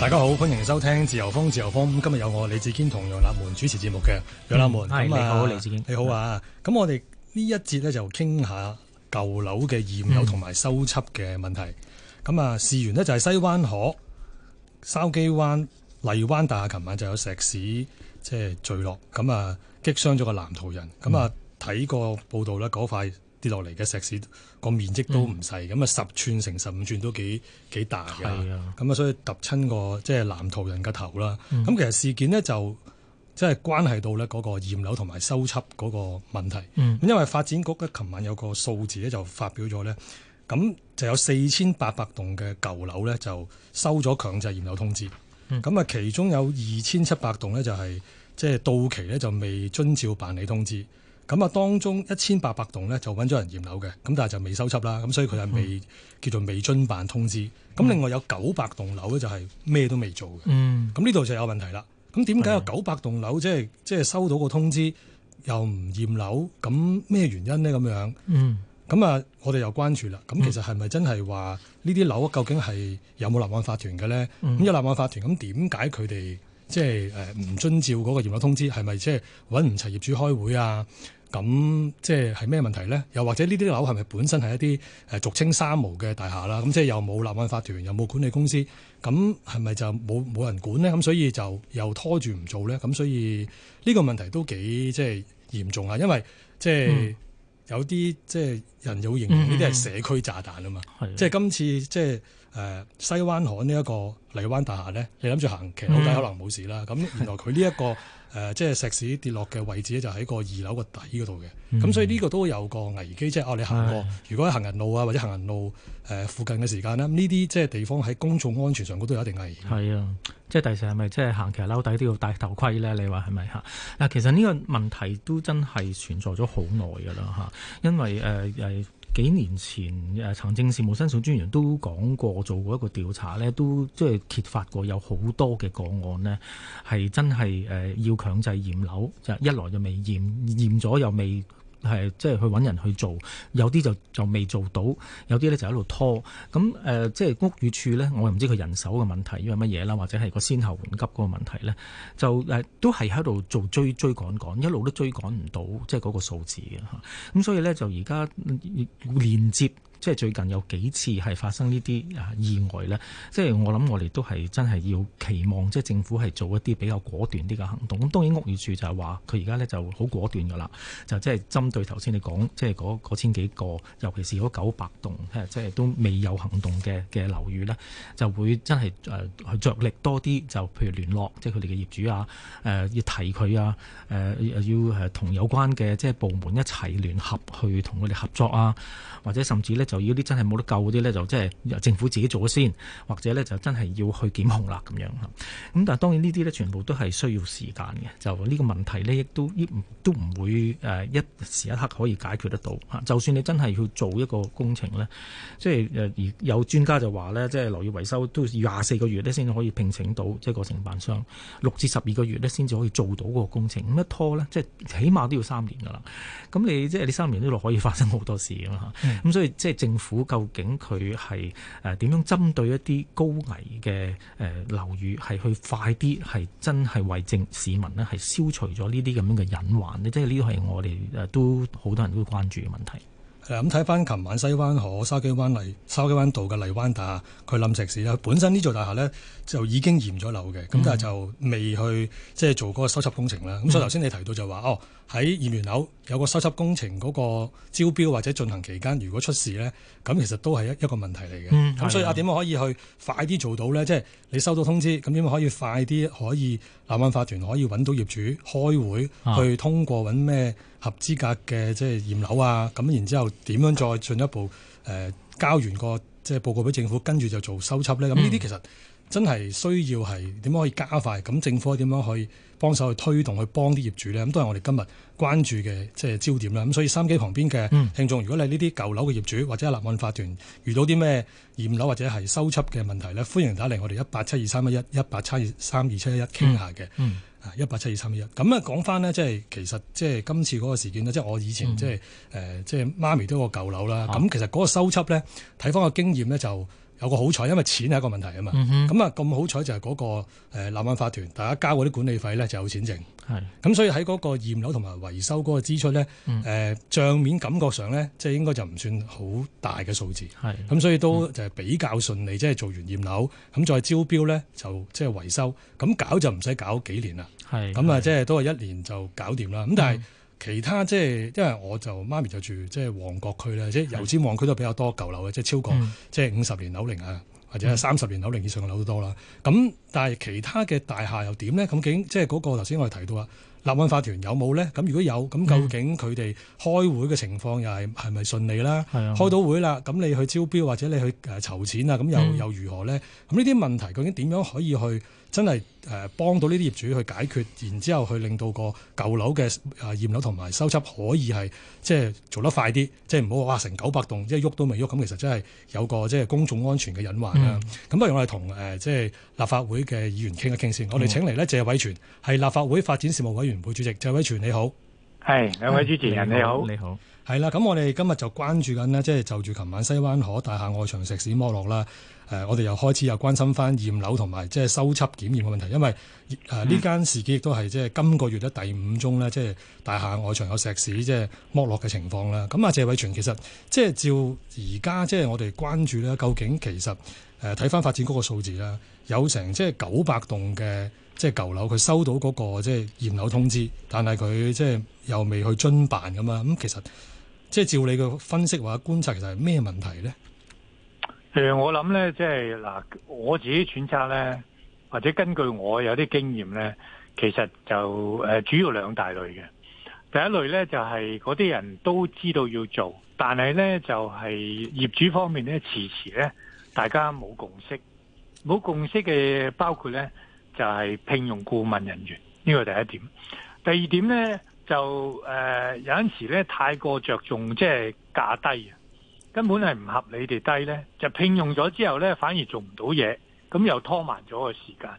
大家好，歡迎收聽自由風自由風。今日有我李志堅同楊立門主持節目嘅楊立門，係、嗯、你好，李志堅，你好啊。咁我哋呢一節咧就傾下舊樓嘅驗樓同埋修葺嘅問題。咁、嗯、啊，事源呢就係西灣河筲箕灣荔灣大廈，琴晚就有石屎即係墜落，咁啊擊傷咗個南圖人。咁啊睇個報道咧，嗰塊。跌落嚟嘅石屎個面積都唔細，咁、嗯、啊十寸乘十五寸都幾幾大嘅，咁啊所以揼親、那個即係、就是、藍圖人嘅頭啦。咁、嗯、其實事件呢，就即、是、係關係到咧嗰個驗樓同埋收葺嗰個問題。咁、嗯、因為發展局咧琴晚有個數字咧就發表咗咧，咁就有四千八百棟嘅舊樓咧就收咗強制驗樓通知。咁、嗯、啊其中有二千七百棟咧就係即係到期咧就未遵照辦理通知。咁啊，當中一千八百棟咧就搵咗人驗樓嘅，咁但係就未收葺啦，咁所以佢係未叫做未遵辦通知。咁、嗯、另外有九百棟樓咧就係咩都未做嘅，咁呢度就有問題啦。咁點解有九百棟樓即係即係收到個通知又唔驗樓？咁咩原因呢？咁、嗯、樣，咁啊，我哋又關注啦。咁其實係咪真係話呢啲樓究竟係有冇立案法團嘅咧？咁有立案法團，咁點解佢哋即係誒唔遵照嗰個驗樓通知？係咪即係搵唔齊業主開會啊？咁即係咩問題咧？又或者呢啲樓係咪本身係一啲俗稱三無嘅大廈啦？咁即係又冇立案法團，又冇管理公司，咁係咪就冇冇人管咧？咁所以就又拖住唔做咧？咁所以呢個問題都幾即係嚴重啊！因為即係有啲即係人就形容呢啲係社區炸彈啊嘛、嗯嗯！即係今次即係、呃、西灣河呢一個荔灣大廈咧，你諗住行騎樓底可能冇事啦。咁、嗯、原來佢呢一個。 誒，即係石屎跌落嘅位置咧，就喺個二樓個底嗰度嘅。咁所以呢個都有個危機，即係哦，你行過，如果喺行人路啊，或者行人路誒附近嘅時間呢，呢啲即係地方喺公共安全上，都有一定危險。係啊，即係第時係咪即係行騎樓底都要戴頭盔咧？你話係咪嚇？嗱，其實呢個問題都真係存在咗好耐噶啦嚇，因為誒誒。呃幾年前誒，行政事務申訴專員都講過，做過一個調查咧，都即係揭發過有好多嘅個案咧，係真係誒要強制驗樓，就一來就未驗，驗咗又未。係即係去揾人去做，有啲就就未做到，有啲咧就喺度拖。咁即係屋宇署咧，我唔知佢人手嘅問題，因為乜嘢啦，或者係個先後緩急嗰個問題咧，就都係喺度做追追趕趕，一路都追趕唔到即係嗰個數字嘅嚇。咁所以咧就而家連接。即係最近有幾次係發生呢啲啊意外咧，即係我諗我哋都係真係要期望，即係政府係做一啲比較果斷啲嘅行動。咁當然屋宇署就係話佢而家咧就好果斷㗎啦，就即係針對頭先你講即係嗰千幾個，尤其是嗰九百棟，即係都未有行動嘅嘅樓宇咧，就會真係誒去着力多啲，就譬如聯絡即係佢哋嘅業主啊，誒要提佢啊，誒要誒同有關嘅即係部門一齊聯合去同佢哋合作啊，或者甚至咧。就要啲真係冇得救嗰啲咧，就真係由政府自己做先，或者咧就真係要去檢控啦咁樣嚇。咁但係當然呢啲咧，全部都係需要時間嘅。就呢個問題咧，都都唔會誒一時一刻可以解決得到嚇。就算你真係要做一個工程咧，即係誒而有專家就話咧，即係樓宇維修都廿四個月咧先可以聘請到即係個承辦商，六至十二個月咧先至可以做到個工程。咁一拖咧，即係起碼都要三年㗎啦。咁你即係你三年都可以發生好多事㗎嘛，咁所以、嗯、即係。政府究竟佢係誒點樣針對一啲高危嘅誒樓宇，係去快啲，係真係為政市民咧，係消除咗呢啲咁樣嘅隱患咧？即係呢個係我哋誒都好多人都關注嘅問題。誒咁睇翻，琴晚西灣河沙基灣嚟、沙基灣道嘅荔灣大廈佢冧石屎啦。本身呢座大廈咧就已經驗咗樓嘅，咁、嗯、但係就未去即係做嗰個修葺工程啦。咁、嗯、所以頭先你提到就話、嗯，哦喺驗完樓有個修葺工程嗰個招標或者進行期間，如果出事咧，咁其實都係一一個問題嚟嘅。咁、嗯、所以阿、啊、點可以去快啲做到咧？即、就、係、是、你收到通知，咁點可以快啲可以立案法團可以揾到業主開會去通過揾咩？合資格嘅即係驗樓啊，咁然之後點樣再進一步誒、呃、交完個即係報告俾政府，跟住就做修葺咧？咁呢啲其實真係需要係點樣可以加快？咁政府點樣去幫手去推動去幫啲業主咧？咁、嗯、都係我哋今日關注嘅即係焦點啦。咁所以三機旁邊嘅聽眾，嗯、如果你呢啲舊樓嘅業主或者立案法團遇到啲咩驗樓或者係修葺嘅問題咧，歡迎打嚟我哋、嗯、一八七二三一一一八七二三二七一一傾下嘅。嗯。啊，一八七二三一咁，啊，講翻呢，即係其實即係今次嗰個事件，即係我以前即係誒即係媽咪都個舊樓啦，咁其實嗰個收葺呢，睇翻個經驗呢，就。有個好彩，因為錢係一個問題啊嘛。咁、嗯、啊，咁好彩就係嗰個誒立案法團，大家交嗰啲管理費咧就有錢剩。係咁，所以喺嗰個驗樓同埋維修嗰個支出咧，誒、嗯、帳面感覺上咧，即係應該就唔算好大嘅數字。係咁，所以都就係比較順利，嗯、即係做完驗樓，咁再招標咧就即係維修，咁搞就唔使搞幾年啦。係咁啊，即係都係一年就搞掂啦。咁但係，嗯其他即係，因為我就媽咪就住即係旺角區啦，即係油尖旺區都比較多舊樓嘅，即係超過即係五十年樓齡啊，或者三十年樓齡以上嘅樓都多啦。咁但係其他嘅大廈又點咧？究竟即係嗰個頭先我哋提到啊立案法團有冇咧？咁如果有，咁究竟佢哋開會嘅情況又係係咪順利啦？開到會啦，咁你去招標或者你去籌籌錢啊，咁又又如何咧？咁呢啲問題究竟點樣可以去？真係誒幫到呢啲業主去解決，然之後去令到個舊樓嘅誒驗樓同埋收葺可以係即係做得快啲，即係唔好話哇成九百棟即係喐都未喐，咁其實真係有個即係公眾安全嘅隱患啦。咁、嗯、不如我哋同誒即係立法會嘅議員傾一傾先。嗯、我哋請嚟呢謝偉銓，係立法會發展事務委員會主席，謝偉銓你好。係，兩位主持人、嗯、你好，你好。係啦，咁我哋今日就關注緊呢，即係就住琴晚西灣河大廈外牆石屎剝落啦。誒，我哋又開始又關心翻驗樓同埋即係收葺檢驗嘅問題，因為誒呢間事件亦都係即係今個月咧第五宗呢即係大廈外牆有石屎即係剝落嘅情況啦。咁阿謝偉銓，其實即係照而家即係我哋關注呢，究竟其實誒睇翻發展局個數字啦，有成即係九百棟嘅。即係舊樓，佢收到嗰、那個即係驗樓通知，但係佢即係又未去遵辦咁嘛？咁其實即係照你嘅分析或者觀察，其實係咩問題咧？誒、呃，我諗咧，即係嗱，我自己揣測咧，或者根據我有啲經驗咧，其實就、呃、主要兩大類嘅。第一類咧就係嗰啲人都知道要做，但係咧就係、是、業主方面咧遲遲咧，大家冇共識，冇共識嘅包括咧。就係聘用顧問人員，呢個第一點。第二點呢，就誒有陣時呢太過着重即係價低啊，根本係唔合理地低呢，就聘用咗之後呢，反而做唔到嘢，咁又拖慢咗個時間。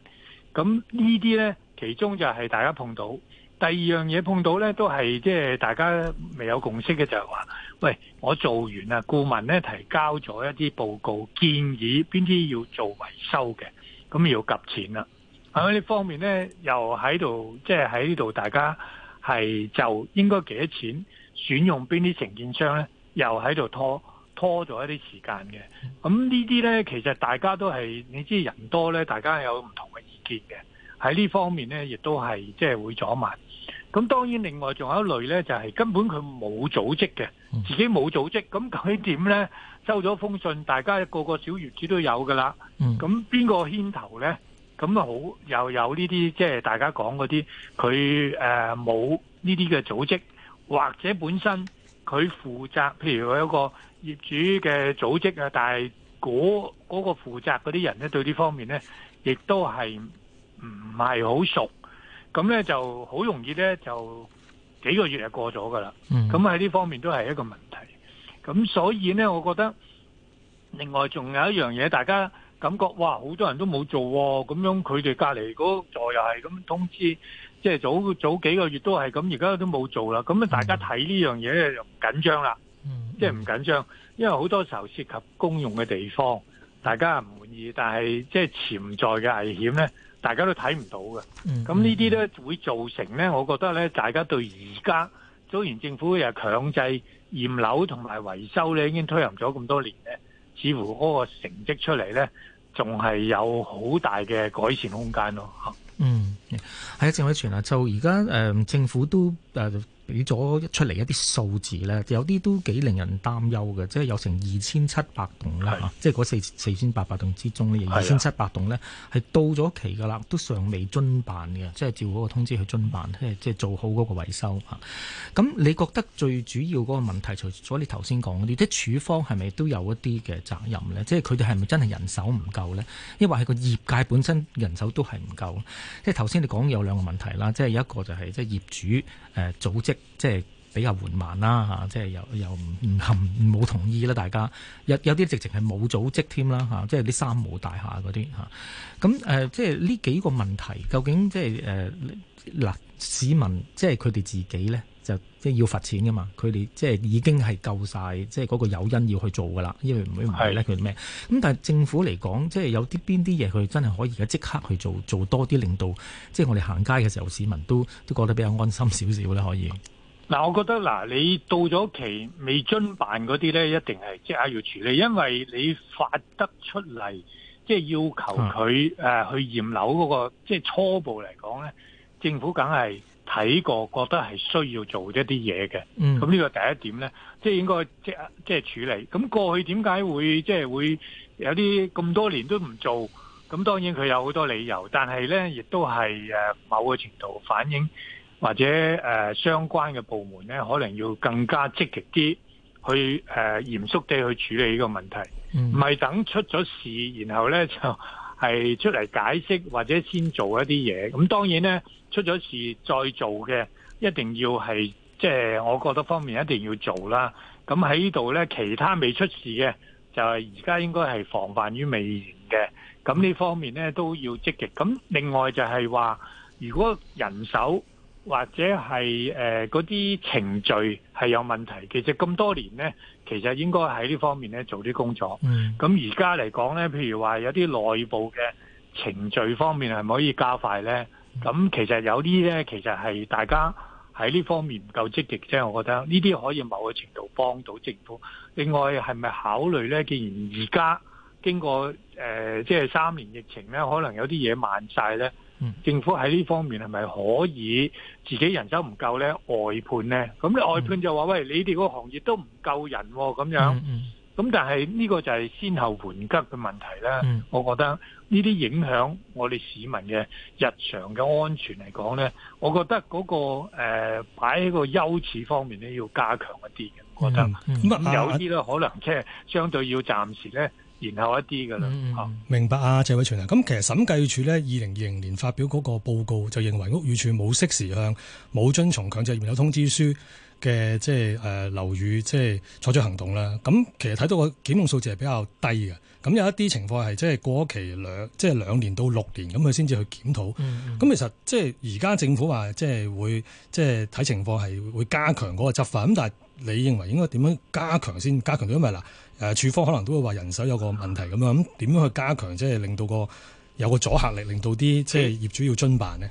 咁呢啲呢，其中就係大家碰到。第二樣嘢碰到呢，都係即係大家未有共識嘅，就係話：喂，我做完啊，顧問呢提交咗一啲報告建議，邊啲要做維修嘅，咁要及錢啦。喺呢方面呢，又喺度即係喺呢度，就是、大家係就應該幾多錢選用邊啲承建商呢？又喺度拖拖咗一啲時間嘅。咁呢啲呢，其實大家都係你知人多呢，大家有唔同嘅意見嘅。喺呢方面呢，亦都係即係會阻慢。咁當然另外仲有一類呢，就係、是、根本佢冇組織嘅，自己冇組織，咁究竟點呢？收咗封信，大家個個小業主都有噶啦。咁邊個牽頭呢？咁啊好，又有呢啲即係大家講嗰啲，佢誒冇呢啲嘅組織，或者本身佢負責，譬如有一個業主嘅組織啊，但係嗰嗰個負責嗰啲人咧，對呢方面咧，亦都係唔係好熟，咁咧就好容易咧就幾個月就過咗噶啦。咁喺呢方面都係一個問題。咁所以咧，我覺得另外仲有一樣嘢，大家。感覺哇，好多人都冇做喎，咁樣佢哋隔離嗰座又係咁通知，即係早早幾個月都係咁，而家都冇做啦。咁啊，大家睇呢樣嘢就唔緊張啦，即係唔緊張，因為好多時候涉及公用嘅地方，大家唔滿意，但係即係潛在嘅危險呢，大家都睇唔到嘅。咁，mm-hmm. 呢啲呢會造成呢，我覺得呢，大家對而家雖然政府又強制驗樓同埋維修呢，已經推行咗咁多年咧。似乎嗰個成績出嚟咧，仲係有好大嘅改善空間咯嚇。嗯，係啊，謝偉銓啊，就而家誒政府都誒。呃俾咗出嚟一啲數字咧，有啲都幾令人擔憂嘅，即係有成二千七百棟啦，即係嗰四四千八百棟之中呢，二千七百棟呢係到咗期㗎啦，都尚未遵辦嘅，即係照嗰個通知去遵辦，即係做好嗰個維修嚇。咁你覺得最主要嗰個問題，除咗你頭先講嗰即啲署方係咪都有一啲嘅責任呢？即係佢哋係咪真係人手唔夠呢？抑或係個業界本身人手都係唔夠？即係頭先你講有兩個問題啦，即係有一個就係即係業主誒、呃、組織。即係比較緩慢啦嚇，即係又又唔唔冇同意啦，大家有有啲直情係冇組織添啦嚇，即係啲三無大廈嗰啲嚇，咁，呃即係呢幾個問題究竟即係呃、嗱、市民即係佢哋自己咧？就即係要罰錢㗎嘛，佢哋即係已經係夠晒，即係嗰個誘因要去做㗎啦，因為唔會唔係咧，佢咩？咁但係政府嚟講，即係有啲邊啲嘢，佢真係可以而家即刻去做，做多啲，令到即係我哋行街嘅時候，市民都都覺得比較安心少少咧。可以嗱，我覺得嗱，你到咗期未遵辦嗰啲咧，一定係即刻要處理，因為你發得出嚟，即係要求佢誒去驗樓嗰個，即係初步嚟講咧，政府梗係。睇過覺得係需要做一啲嘢嘅，咁、嗯、呢個第一點呢，即、就、係、是、應該即即、就是、處理。咁過去點解會即係、就是、會有啲咁多年都唔做？咁當然佢有好多理由，但係呢亦都係誒某個程度反映或者誒、呃、相關嘅部門呢，可能要更加積極啲去誒、呃、嚴肅地去處理呢個問題，唔、嗯、係等出咗事然後呢就。係→出嚟解釋，或者先做一啲嘢。咁當然呢，出咗事再做嘅，一定要係即係，就是、我覺得方面一定要做啦。咁喺呢度呢，其他未出事嘅，就係而家應該係防範於未然嘅。咁呢方面呢都要積極。咁另外就係話，如果人手或者係誒嗰啲程序係有問題，其實咁多年呢。其實應該喺呢方面咧做啲工作。咁而家嚟講咧，譬如話有啲內部嘅程序方面係咪可以加快咧。咁其實有啲咧，其實係大家喺呢方面唔夠積極啫。我覺得呢啲可以某個程度幫到政府。另外係咪考慮咧？既然而家經過誒即係三年疫情咧，可能有啲嘢慢晒咧。嗯、政府喺呢方面係咪可以自己人手唔夠呢？外判呢？咁你外判就話、嗯：喂，你哋個行業都唔夠人咁、哦、樣。咁、嗯嗯、但係呢個就係先後緩急嘅問題啦、嗯。我覺得呢啲影響我哋市民嘅日常嘅安全嚟講呢，我覺得嗰、嗰個誒擺喺個優次方面呢，要加強一啲嘅、嗯嗯，覺得咁、嗯、有啲咧可能即係相對要暫時呢。然後一啲噶啦，明白啊，謝偉銓啊。咁其實審計署咧，二零二零年發表嗰個報告就認為屋宇署冇適時向冇遵從強制驗樓通知書嘅即係誒樓宇即係採取行動啦。咁其實睇到個檢控數字係比較低嘅。咁有一啲情況係即係過期兩即係兩年到六年咁，佢先至去檢討。咁其實即係而家政府話即係會即係睇情況係會加強嗰個執法。咁但係你認為應該點樣加強先？加強因為嗱。誒、啊、處方可能都會話人手有個問題咁樣，咁點樣去加強即係、就是、令到個有個阻嚇力，令到啲即係業主要遵辦呢？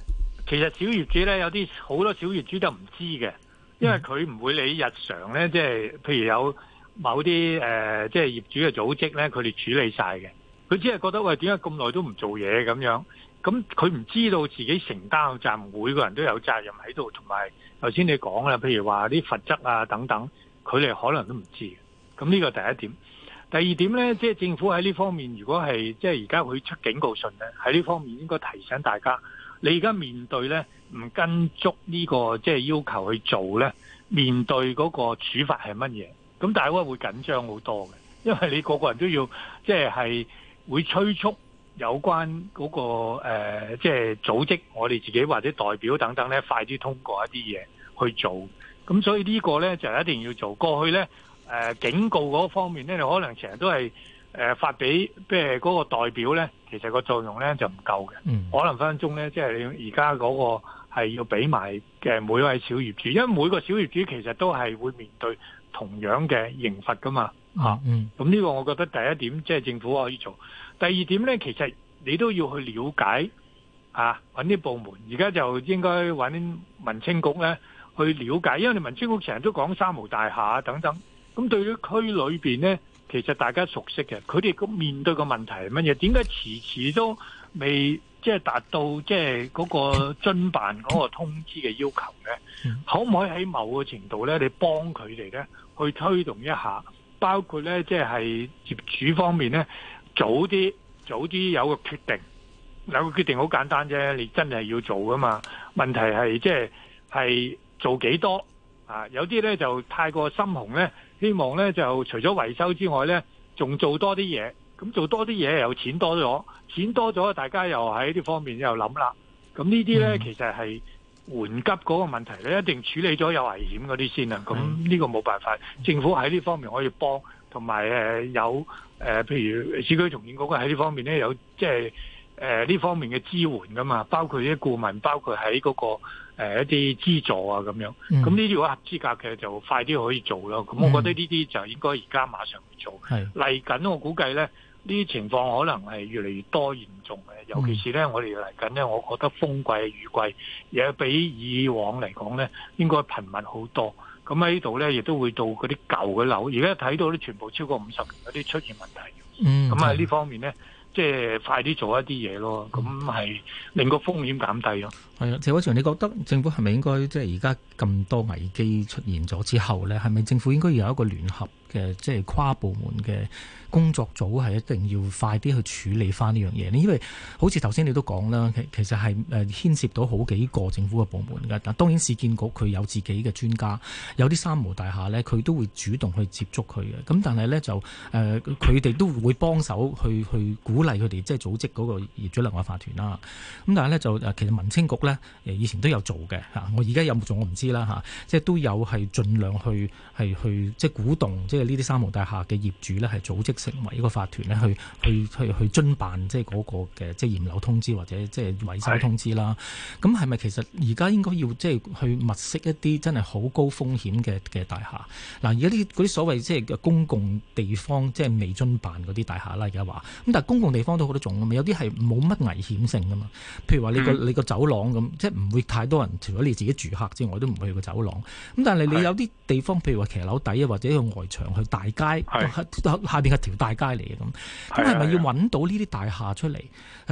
其實小業主呢，有啲好多小業主都唔知嘅，因為佢唔會理日常呢，即、就、係、是、譬如有某啲即係業主嘅組織呢，佢哋處理晒嘅。佢只係覺得喂，點解咁耐都唔做嘢咁樣，咁佢唔知道自己承擔責任，每個人都有責任喺度，同埋頭先你講啦，譬如話啲罰則啊等等，佢哋可能都唔知。咁呢個第一點，第二點呢，即係政府喺呢方面，如果係即係而家會出警告信呢，喺呢方面應該提醒大家，你而家面對呢唔跟足呢個即係要求去做呢，面對嗰個處罰係乜嘢？咁大家會緊張好多嘅，因為你個個人都要即係係會催促有關嗰個呃、即係組織我哋自己或者代表等等呢，快啲通過一啲嘢去做。咁所以呢個呢，就一定要做。過去呢。誒、呃，警告嗰方面咧，你可能成日都係誒、呃、發俾即係嗰個代表咧，其實個作用咧就唔夠嘅。可能分分鐘咧，即係你而家嗰個係要俾埋嘅每位小業主，因為每個小業主其實都係會面對同樣嘅刑罰噶嘛。吓、嗯，咁、啊、呢、嗯、個我覺得第一點即係、就是、政府可以做。第二點咧，其實你都要去了解啊，揾啲部門。而家就應該揾啲民政局咧去了解，因為你民政局成日都講三無大廈等等。咁對於區裏面呢，其實大家熟悉嘅，佢哋咁面對個問題係乜嘢？點解遲遲都未即係達到即係嗰個遵辦嗰個通知嘅要求呢？嗯、可唔可以喺某個程度呢？你幫佢哋呢去推動一下，包括呢即係、就是、業主方面呢，早啲早啲有個決定，有個決定好簡單啫，你真係要做㗎嘛？問題係即係係做幾多啊？有啲呢就太過心雄呢。希望咧就除咗維修之外咧，仲做多啲嘢。咁做多啲嘢又錢多咗，錢多咗大家又喺呢方面又諗啦。咁呢啲咧、嗯、其實係緩急嗰個問題咧，一定處理咗有危險嗰啲先啊。咁呢個冇辦法，嗯、政府喺呢方面可以幫，同埋誒有誒譬如市區重建局喺呢方面咧有即係誒呢方面嘅支援㗎嘛，包括啲顧問，包括喺嗰個。誒、呃、一啲資助啊咁樣，咁呢啲如果合資格嘅就快啲可以做咯。咁我覺得呢啲就應該而家馬上去做。嚟、嗯、緊我估計咧，呢啲情況可能係越嚟越多嚴重嘅，尤其是咧我哋嚟緊咧，我覺得風季雨季，嘢比以往嚟講咧，應該頻密好多。咁喺呢度咧，亦都會到嗰啲舊嘅樓，而家睇到啲全部超過五十年嗰啲出現問題。嗯，咁喺呢方面咧。即係快啲做一啲嘢咯，咁係令個風險減低咯。係啊，謝偉銓，你覺得政府係咪應該即係而家咁多危機出現咗之後呢，係咪政府應該有一個聯合嘅即係跨部門嘅？工作組係一定要快啲去處理翻呢樣嘢，因為好似頭先你都講啦，其實係誒牽涉到好幾個政府嘅部門㗎。但當然市建局佢有自己嘅專家，有啲三無大廈咧，佢都會主動去接觸佢嘅。咁但係咧就誒，佢、呃、哋都會幫手去去鼓勵佢哋即係組織嗰個業主立案法團啦。咁但係咧就其實民清局咧以前都有做嘅嚇，我而家有冇做我唔知啦、啊、即係都有係盡量去去即係鼓動即係呢啲三無大廈嘅業主咧係組織。成為一個法團咧，去去去去遵辦，即係嗰個嘅即係驗樓通知或者即係維修通知啦。咁係咪其實而家應該要即係、就是、去物色一啲真係好高風險嘅嘅大廈？嗱，而家啲嗰啲所謂即係公共地方，即係未遵辦嗰啲大廈啦，而家話咁，但係公共地方都好多種噶嘛，有啲係冇乜危險性噶嘛。譬如話你個、嗯、你個走廊咁，即係唔會太多人，除咗你自己住客之外，都唔會去個走廊。咁但係你有啲地方，譬如話騎樓底啊，或者去外牆、去大街，都下下邊嘅。條大街嚟嘅咁，咁係咪要揾到呢啲大廈出嚟？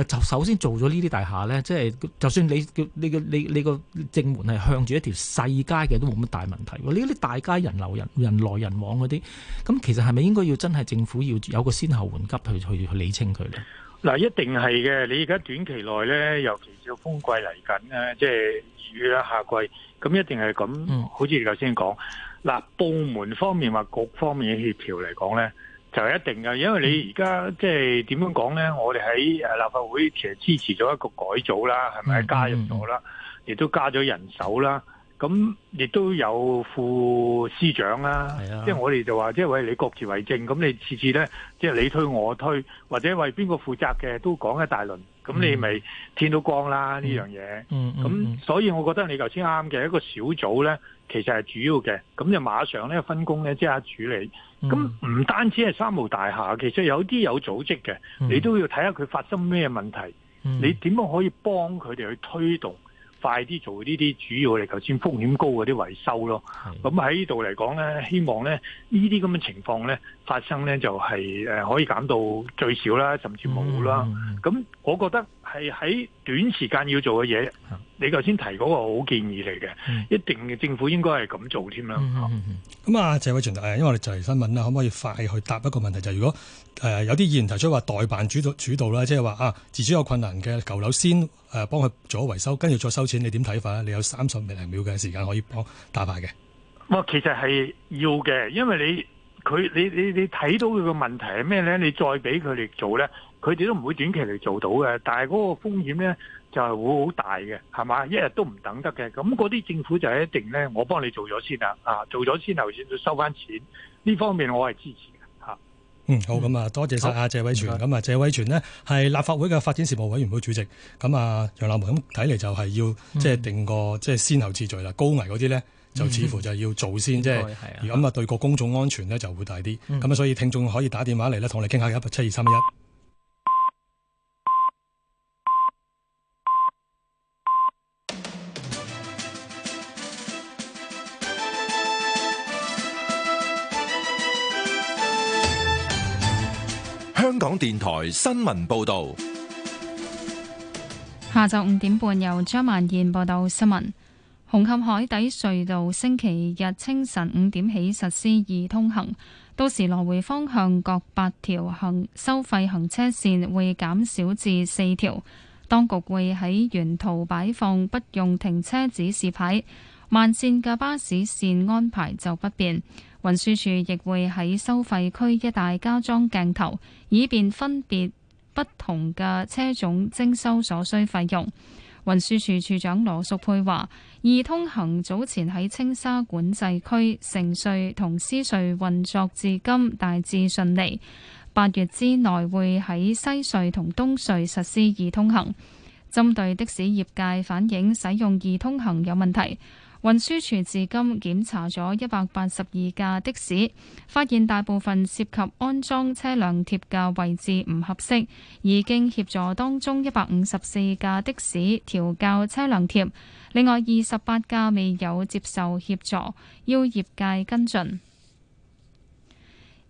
就首先做咗呢啲大廈咧，即、就、係、是、就算你你個你個正門係向住一條細街嘅，都冇乜大問題。呢啲大街人流人人來人往嗰啲，咁其實係咪應該要真係政府要有個先後緩急去去去理清佢咧？嗱，一定係嘅。你而家短期內咧，尤其風來、就是要風季嚟緊咧，即係雨啊、夏季，咁一定係咁。嗯，好似你頭先講嗱，部門方面或各方面嘅協調嚟講咧。就是、一定㗎，因為你而家即係點樣講呢？嗯、我哋喺立法會其實支持咗一個改組啦，係咪加入咗啦？亦、嗯嗯、都加咗人手啦。咁、嗯、亦都有副司長啦。即、嗯、係、就是、我哋就話，即、就、係、是、為你各自為政。咁你次次呢，即、就、係、是、你推我推，或者為邊個負責嘅都講一大輪。咁、嗯、你咪天都光啦呢樣嘢。咁、嗯嗯嗯嗯、所以我覺得你頭先啱嘅一個小組呢，其實係主要嘅。咁就馬上呢，分工呢，即刻處理。咁唔單止係三號大廈，其實有啲有組織嘅，你都要睇下佢發生咩問題，你點樣可以幫佢哋去推動，快啲做呢啲主要嚟頭先風險高嗰啲維修咯。咁喺呢度嚟講呢，希望呢呢啲咁嘅情況呢，發生呢就係誒可以減到最少啦，甚至冇啦。咁我覺得。係喺短時間要做嘅嘢，嗯，你頭先提嗰個好建議嚟嘅，嗯，一定嘅政府應該係咁做添啦。咁、嗯、啊，謝偉銓誒，因為我哋就嚟新聞啦，可唔可以快去答一個問題？就如果誒有啲議員提出話代辦主導主導啦，即係話啊，自住有困難嘅舊樓先誒幫佢做咗維修，跟住再收錢，你點睇法咧？你有三十零秒嘅時間可以幫打牌嘅。哇，其實係要嘅，因為你佢你你你睇到佢個問題係咩咧？你再俾佢哋做咧。佢哋都唔會短期嚟做到嘅，但係嗰個風險咧就係會好大嘅，係嘛？一日都唔等得嘅。咁嗰啲政府就係一定呢，我幫你做咗先啦，啊，做咗先後先收翻錢。呢方面我係支持嘅嚇。嗯，好咁啊、嗯，多謝晒阿謝偉銓。咁啊，謝偉銓、嗯、呢係立法會嘅發展事務委員會主席。咁、嗯、啊，楊立門咁睇嚟就係要即係定個即係先後次序啦。高危嗰啲呢，就似乎就要先做先，即係咁啊，對個公眾安全呢就會大啲。咁、嗯、啊、嗯，所以聽眾可以打電話嚟呢，同我哋傾下一八七二三一。香港電台新聞報道，下晝五點半由張萬燕報道新聞。紅磡海底隧道星期日清晨五點起實施易通行，到時來回方向各八條行收費行車線會減少至四條。當局會喺沿途擺放不用停車指示牌，慢線嘅巴士線安排就不變。運輸署亦會喺收費區一帶加裝鏡頭，以便分別不同嘅車種徵收所需費用。運輸署署長羅淑佩話，易通行早前喺青沙管制區、城隧同私隧運作至今大致順利，八月之內會喺西隧同東隧實施易通行。針對的士業界反映使用易通行有問題。運輸署至今檢查咗一百八十二架的士，發現大部分涉及安裝車輛貼嘅位置唔合適，已經協助當中一百五十四架的士調校車輛貼，另外二十八架未有接受協助，要業界跟進。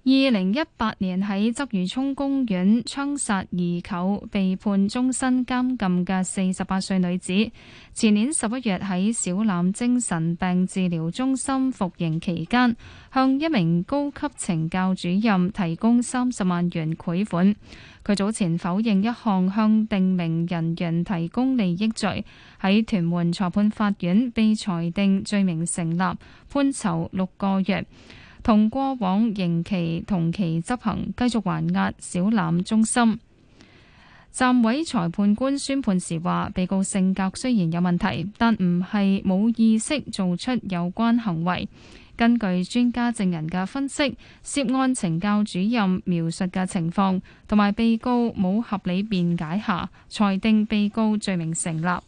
二零一八年喺鰂魚涌公園槍殺二舅被判終身監禁嘅四十八歲女子，前年十一月喺小欖精神病治療中心服刑期間，向一名高級懲教主任提供三十萬元賄款。佢早前否認一項向定名人員提供利益罪，喺屯門裁判法院被裁定罪名成立，判囚六個月。同過往刑期同期執行，繼續還押小欖中心。暫委裁判官宣判時話：被告性格雖然有問題，但唔係冇意識做出有關行為。根據專家證人嘅分析、涉案懲教主任描述嘅情況同埋被告冇合理辯解下，裁定被告罪名成立。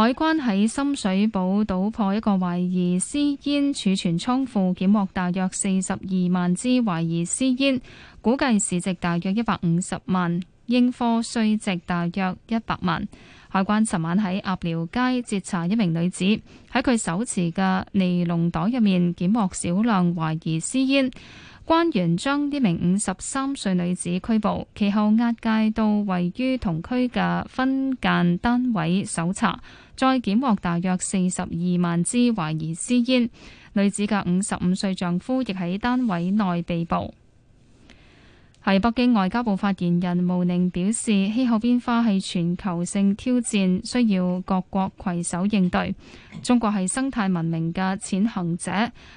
海關喺深水埗搗破一個懷疑私煙儲存倉庫，檢獲大約四十二萬支懷疑私煙，估計市值大約一百五十萬，應課稅值大約一百萬。海關尋晚喺鴨寮街截查一名女子，喺佢手持嘅尼龍袋入面檢獲少量懷疑私煙，關員將呢名五十三歲女子拘捕，其後押解到位於同區嘅分間單位搜查。再檢獲大約四十二萬支懷疑私煙，女子嘅五十五歲丈夫亦喺單位內被捕。喺北京外交部發言人毛寧表示，氣候變化係全球性挑戰，需要各國攜手應對。中國係生態文明嘅踐行者，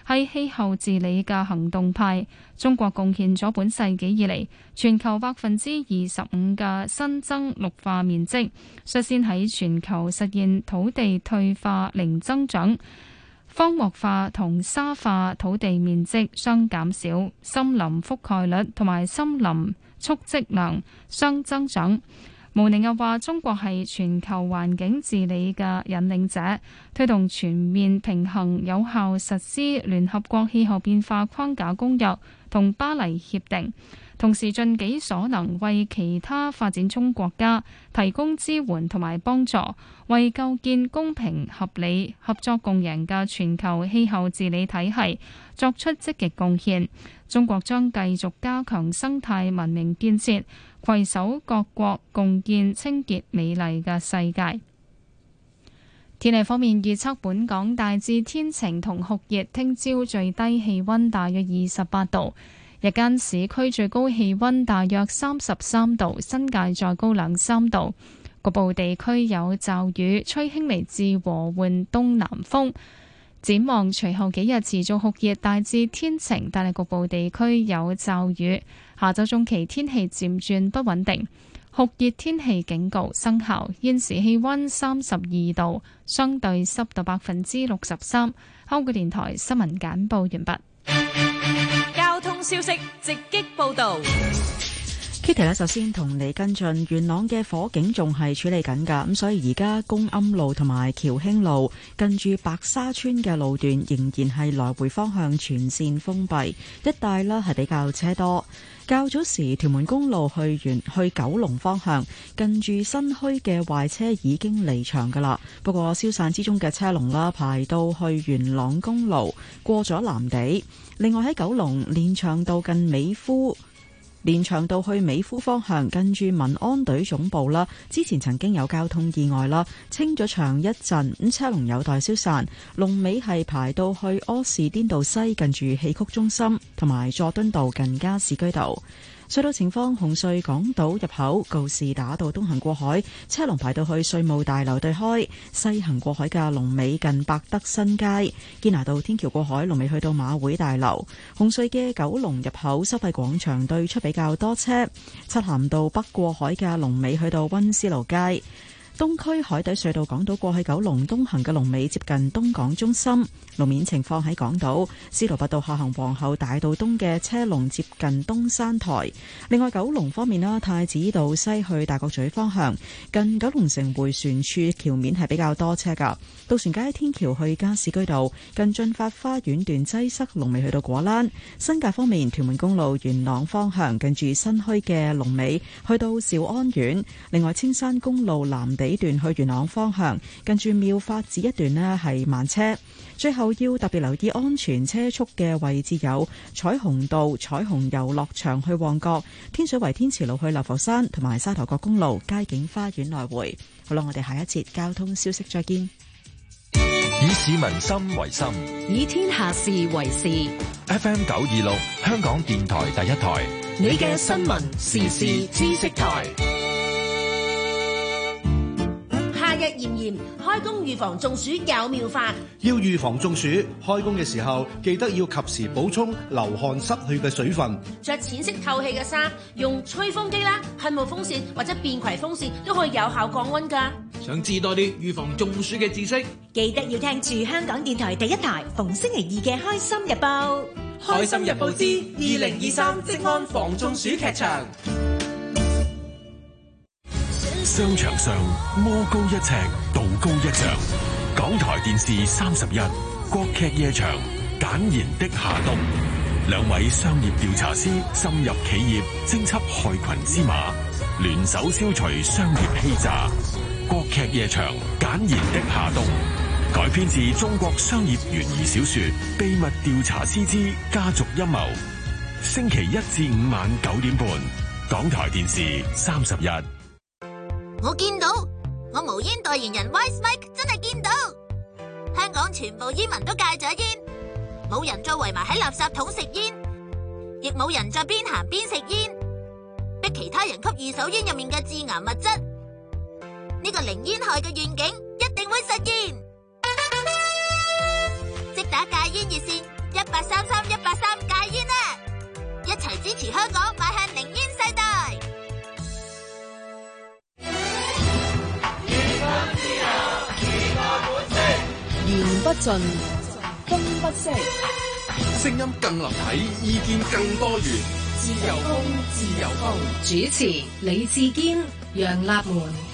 係氣候治理嘅行動派。中國貢獻咗本世紀以嚟全球百分之二十五嘅新增綠化面積，率先喺全球實現土地退化零增長。荒漠化同沙化土地面積雙減少，森林覆蓋率同埋森林蓄積量雙增長。毛寧又話：中國係全球環境治理嘅引領者，推動全面平衡有效實施聯合國氣候變化框架公約同巴黎協定。同時盡己所能為其他發展中國家提供支援同埋幫助，為構建公平合理、合作共贏嘅全球氣候治理體系作出積極貢獻。中國將繼續加強生態文明建設，攜手各國共建清潔美麗嘅世界。天氣方面預測，本港大致天晴同酷熱，聽朝最低氣溫大約二十八度。日間市區最高氣溫大約三十三度，新界再高兩三度，局部地區有驟雨，吹輕微至和緩東南風。展望隨後幾日持續酷熱，大致天晴，但係局部地區有驟雨。下周中期天氣漸轉不穩定，酷熱天氣警告生效。現時氣溫三十二度，相對濕度百分之六十三。香港電台新聞簡報完畢。消息直擊報導。Kitty 呢，首先同你跟進元朗嘅火警，仲係處理緊噶，咁所以而家公庵路同埋僑興路近住白沙村嘅路段，仍然係來回方向全線封閉，一帶啦係比較車多。較早時屯門公路去元去九龍方向，近住新墟嘅壞車已經離場噶啦，不過消散之中嘅車龍啦，排到去元朗公路過咗藍地。另外喺九龍連翔道近美孚。.連長到去美孚方向，近住民安隊總部啦。之前曾經有交通意外啦，清咗場一陣，咁車龍有待消散。龍尾係排到去柯士甸道西，近住戲曲中心同埋佐敦道近加士居道。隧道前方，紅隧港島入口告士打道東行過海，車龍排到去稅務大樓對開；西行過海嘅龍尾近百德新街，堅拿道天橋過海龍尾去到馬會大樓。紅隧嘅九龍入口收費廣場對出比較多車，漆咸道北過海嘅龍尾去到温思勞街。東區海底隧道港島過去九龍東行嘅龍尾接近東港中心，路面情況喺港島。司徒拔道下行皇后大道東嘅車龍接近東山台。另外九龍方面啦，太子道西去大角咀方向，近九龍城回旋處橋面係比較多車噶。渡船街天橋去加士居道，近駿發花園段擠塞，龍尾去到果欄。新界方面，屯門公路元朗方向近住新墟嘅龍尾去到兆安苑。另外青山公路南。這段去元朗方向，近住妙法寺一段呢，係慢車。最後要特別留意安全車速嘅位置有彩虹道、彩虹遊樂場去旺角、天水圍天慈路去流浮山，同埋沙頭角公路佳景花園來回。好啦，我哋下一節交通消息再見。以市民心為心，以天下事為事。F M 九二六，香港電台第一台，你嘅新聞時事知識台。炎炎開工預防中暑有妙法，要預防中暑，開工嘅時候記得要及時補充流汗失去嘅水分，着淺色透氣嘅衫，用吹風機啦、噴霧風扇或者便攜風扇都可以有效降溫噶。想知道多啲預防中暑嘅知識，記得要聽住香港電台第一台逢星期二嘅《開心日報》，《開心日報之二零二三職安防中暑劇場》。商場上魔高一尺，道高一丈。港台電視三十一，國劇夜場「簡言的夏冬。兩位商業調查師深入企業，偵緝害群之馬，聯手消除商業欺詐。國劇夜場「簡言的夏冬改編自中國商業懸疑小說《秘密調查師之家族陰謀》。星期一至五晚九點半，港台電視三十一。我見到我無煙代言人 Wise Mike 真係見到香港全部煙民都戒咗煙，冇人再圍埋喺垃圾桶食煙，亦冇人再邊行邊食煙，逼其他人吸二手煙入面嘅致癌物質。呢個零煙害嘅願景一定會實現。不盡，風不息，聲音更立體，意見更多元，自由風，自由風，主持：李志堅，楊立門。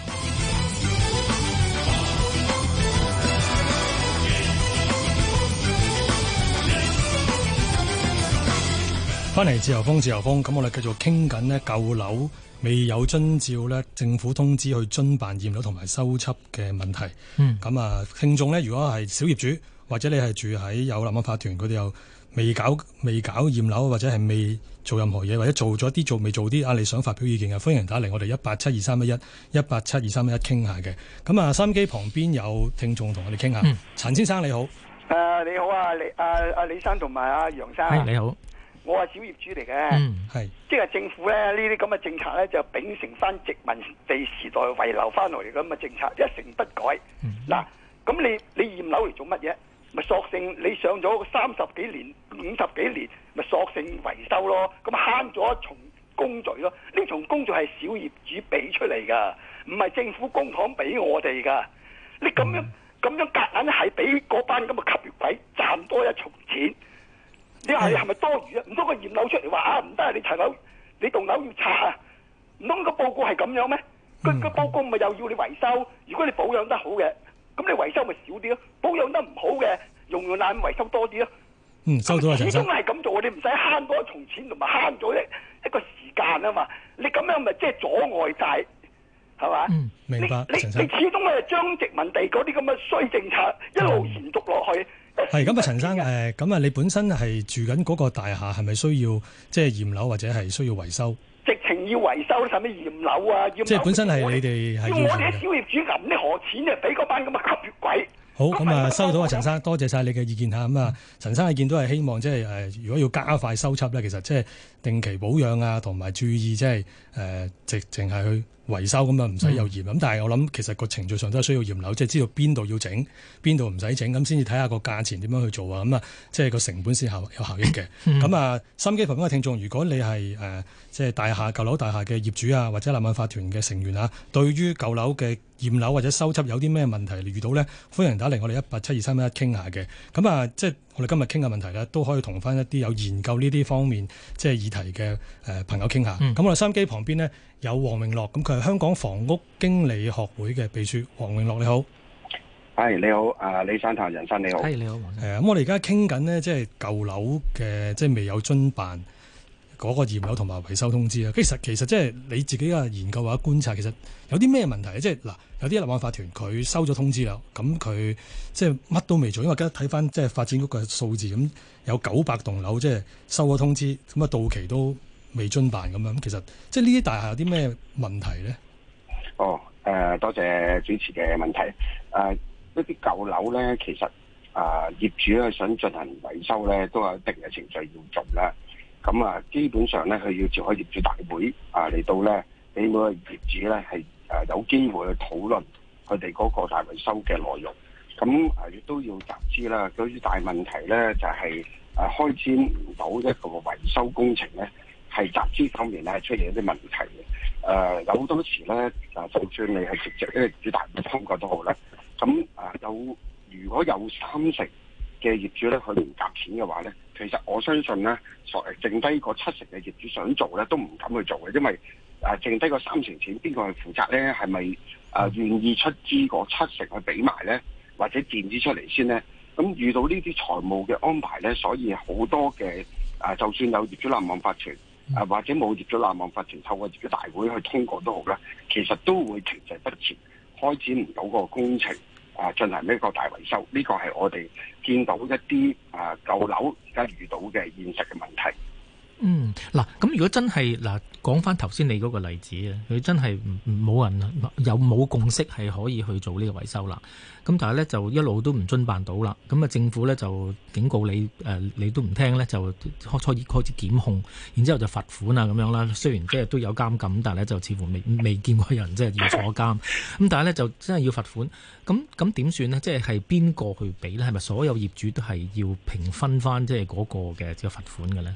翻嚟自由風，自由風，咁我哋繼續傾緊呢舊樓未有遵照呢政府通知去遵辦驗樓同埋修葺嘅問題。咁、嗯、啊，聽眾呢，如果係小業主或者你係住喺有立案嘅法團，佢哋又未搞未搞驗樓，或者係未做任何嘢，或者做咗啲做未做啲，啊，你想發表意見嘅，歡迎打嚟我哋一八七二三一一一八七二三一一傾下嘅。咁啊，收音機旁邊有聽眾同我哋傾下。陳、嗯、先生你好，誒你好啊李啊李生同埋啊楊生，你好。Uh, 你好啊我係小業主嚟嘅、嗯，即係政府咧呢啲咁嘅政策咧就秉承翻殖民地時代遺留翻落嚟咁嘅政策，一成不改。嗱、嗯，咁你你驗樓嚟做乜嘢？咪索性你上咗三十幾年、五十幾年，咪索性維修咯。咁慳咗一重工序咯。呢重工序係小業主俾出嚟噶，唔係政府公帑俾我哋噶。你咁樣咁、嗯、樣夾硬係俾嗰班咁嘅吸血鬼賺多一重錢。你係係咪多餘啊？唔通個驗樓出嚟話啊唔得啊！你層樓你棟樓要拆啊？唔通個報告係咁樣咩？個個報告咪又要你維修？如果你保養得好嘅，咁你維修咪少啲咯；保養得唔好嘅，用用爛維修多啲咯。嗯，收到啊，陳生。始終係咁做，你唔使慳咗從錢慳多一重錢同埋慳咗一一個時間啊嘛！你咁樣咪即係阻礙晒，係嘛？嗯，明白。陳生，你你始終係將殖民地嗰啲咁嘅衰政策一路延續落去。係咁啊，陳生誒，咁啊，你本身係住緊嗰個大廈，係咪需要即係驗樓或者係需要維修？直情要維修，使乜驗樓啊？即係、就是、本身係你哋係要我哋小業主揞啲何錢啊？俾嗰班咁嘅吸血鬼好咁啊！收到啊，陳生，多謝晒你嘅意見吓。咁、嗯、啊，陳生嘅意見都係希望即係誒，如果要加快修葺咧，其實即係定期保養啊，同埋注意即係誒，直情係去。維修咁啊，唔使有嚴咁、嗯，但係我諗其實個程序上都係需要驗樓，即、就、係、是、知道邊度要整，邊度唔使整，咁先至睇下個價錢點樣去做啊，咁、嗯、啊，即係個成本先效有效益嘅。咁、嗯、啊、嗯，心機旁邊嘅聽眾，如果你係誒即係大廈舊樓大廈嘅業主啊，或者立案法團嘅成員啊，對於舊樓嘅驗樓或者修葺有啲咩問題遇到呢，歡迎打嚟我哋一八七二三一一傾下嘅。咁、嗯、啊，即係。我哋今日傾嘅問題咧，都可以同翻一啲有研究呢啲方面即係議題嘅誒朋友傾下。咁、嗯、我哋收音機旁邊呢，有王榮樂，咁佢係香港房屋經理學會嘅秘書。王榮樂你好，係你好，啊李生同啊任生你好，係你好，誒咁我哋而家傾緊呢，即係舊樓嘅即係未有遵辦。嗰、那個驗樓同埋維修通知咧，其實其實即係你自己嘅研究或者觀察，其實有啲咩問題？即係嗱，有啲立案法團佢收咗通知啦，咁佢即係乜都未做，因為而家睇返即係發展局嘅數字，咁有九百棟樓即係、就是、收咗通知，咁啊到期都未遵辦咁樣。其實即係呢啲大廈有啲咩問題咧？哦，誒、呃、多謝主持嘅問題。誒一啲舊樓咧，其實誒、呃、業主咧想進行維修咧，都有一定嘅程序要做咧。咁啊，基本上咧，佢要召開業主大會啊，嚟到咧俾每個業主咧係誒有機會去討論佢哋嗰個大維修嘅內容。咁亦、啊、都要集資啦。嗰啲大問題咧就係、是、誒、啊、開展唔到一個維修工程咧，係集資方面咧係出現一啲問題嘅、啊。有好多時咧，就算你係直接誒業主大會通過都好呢。咁誒、啊、有如果有三成。嘅業主咧，佢唔夾錢嘅話咧，其實我相信咧，所剩低個七成嘅業主想做咧，都唔敢去做嘅，因為啊，剩低個三成錢，邊個去負責咧？係咪啊，願意出資嗰七成去俾埋咧，或者墊資出嚟先咧？咁遇到呢啲財務嘅安排咧，所以好多嘅啊、呃，就算有業主立案法團啊，或者冇業主立案法團，透過業主大會去通過都好啦，其實都會停滯不前，開展唔到個工程。啊！進行呢個大維修，呢個係我哋見到一啲啊舊樓而家遇到嘅現實嘅問題。嗯，嗱，咁如果真係嗱，講翻頭先你嗰個例子啊，佢真係冇人有冇共識係可以去做呢個維修啦。咁但係咧就一路都唔遵辦到啦。咁啊，政府咧就警告你，呃，你都唔聽咧，就初初開始檢控，然之後就罰款啊咁樣啦。雖然即係都有監禁，但係咧就似乎未未見過人即係要坐監。咁但係咧就真係要罰款，咁咁點算呢？即係係邊個去俾咧？係咪所有業主都係要平分翻即係嗰個嘅個罰款嘅咧？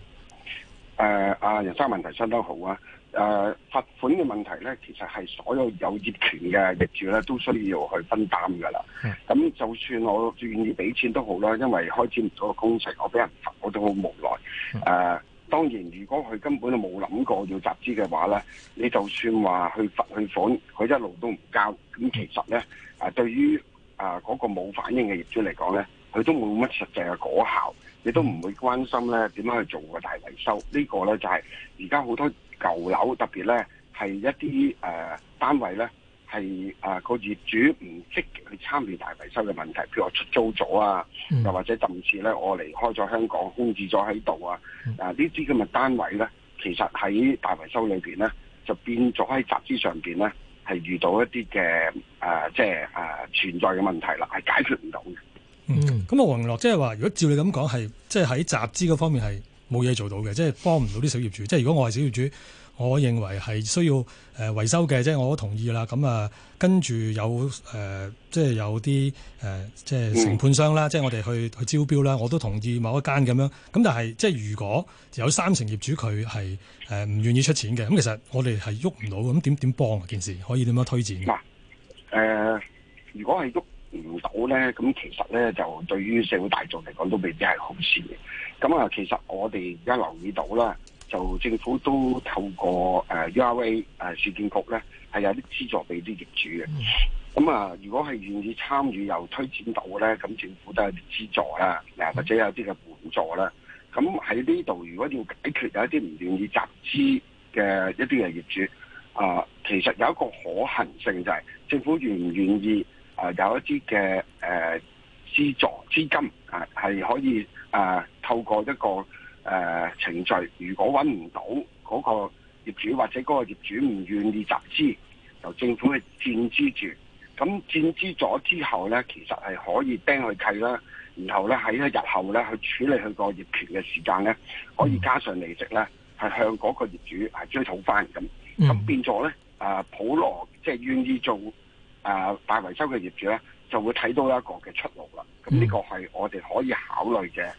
誒、呃、啊！人生問題相當好啊！誒、呃、罰款嘅問題咧，其實係所有有業權嘅業主咧都需要去分擔噶啦。咁就算我願意俾錢都好啦，因為開支唔到個工程，我俾人罰我都好無奈。誒、呃、當然，如果佢根本都冇諗過要集資嘅話咧，你就算話去罰去款，佢一路都唔交。咁其實咧誒、呃，對於誒嗰、呃那個冇反應嘅業主嚟講咧，佢都冇乜實際嘅果效。你都唔會關心咧點樣去做個大維修？這個、呢個咧就係而家好多舊樓，特別咧係一啲誒、呃、單位咧係啊個業主唔積極去參與大維修嘅問題，譬如我出租咗啊、嗯，又或者甚至咧我離開咗香港空置咗喺度啊，啊呢啲咁嘅單位咧，其實喺大維修裏邊咧就變咗喺集資上邊咧係遇到一啲嘅誒即係誒、呃、存在嘅問題啦，係解決唔到。嗯，咁、嗯、啊，王榮樂即係話，如果照你咁講，係即係喺集資嗰方面係冇嘢做到嘅，即、就、係、是、幫唔到啲小業主。即係如果我係小業主，我認為係需要誒、呃、維修嘅，即係我都同意啦。咁啊，跟住有、呃、即係有啲、呃、即係承判商啦、嗯，即係我哋去去招標啦，我都同意某一間咁樣。咁但係即係如果有三成業主佢係唔願意出錢嘅，咁其實我哋係喐唔到。咁點點幫啊？件事可以點樣推薦？啊呃、如果係喐唔到咧，咁其實咧就對於社會大眾嚟講都未必係好事嘅。咁啊，其實我哋而家留意到啦，就政府都透過誒 U R A 誒市建局咧，係有啲資助俾啲業主嘅。咁啊，如果係願意參與又推展到咧，咁政府都有啲資助啦，嗱或者有啲嘅援助啦。咁喺呢度，如果要解決有一啲唔願意集資嘅一啲嘅業主啊，其實有一個可行性就係政府願唔願意？啊，有一啲嘅誒資助資金啊，係可以啊，透過一個誒程序，如果揾唔到嗰個業主，或者嗰個業主唔願意集資，由政府去墊資住。咁墊資咗之後咧，其實係可以釘去契啦，然後咧喺日後咧去處理佢個業權嘅時間咧，可以加上利息咧，係向嗰個業主係追討翻咁。咁變咗咧，普羅即係願意做。啊、呃、大維修嘅業主咧，就會睇到一個嘅出路啦。咁呢個係我哋可以考慮嘅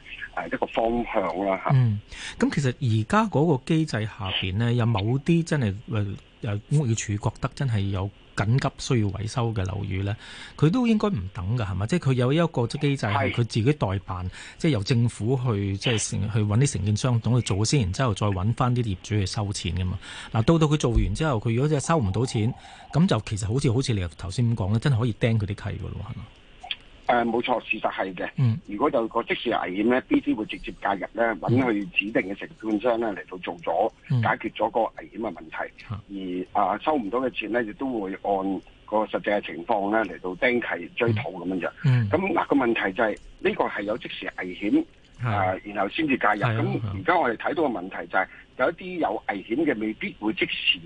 誒，一個方向啦吓。嗯，咁其實而家嗰個機制下邊咧，有某啲真係誒，呃、屋宇署覺得真係有。緊急需要維修嘅樓宇呢，佢都應該唔等㗎，係嘛？即係佢有一個機制係佢自己代辦，即係由政府去即係去揾啲承建商，等佢做先，然之後再揾翻啲業主去收錢㗎嘛。嗱，到到佢做完之後，佢如果真係收唔到錢，咁就其實好似好似你頭先咁講咧，真係可以釘佢啲契㗎咯，係嘛？誒、呃，冇錯，事實係嘅。如果就個即時危險咧，B C 會直接介入咧，揾佢指定嘅承判商咧，嚟到做咗、嗯，解決咗個危險嘅問題。嗯、而啊，收唔到嘅錢咧，亦都會按個實際嘅情況咧嚟到釘契追討咁、嗯、樣啫。咁、嗯、嗱，那個問題就係、是、呢、這個係有即時危險。啊、呃，然後先至介入。咁而家我哋睇到嘅問題就係、是、有一啲有危險嘅，未必會即時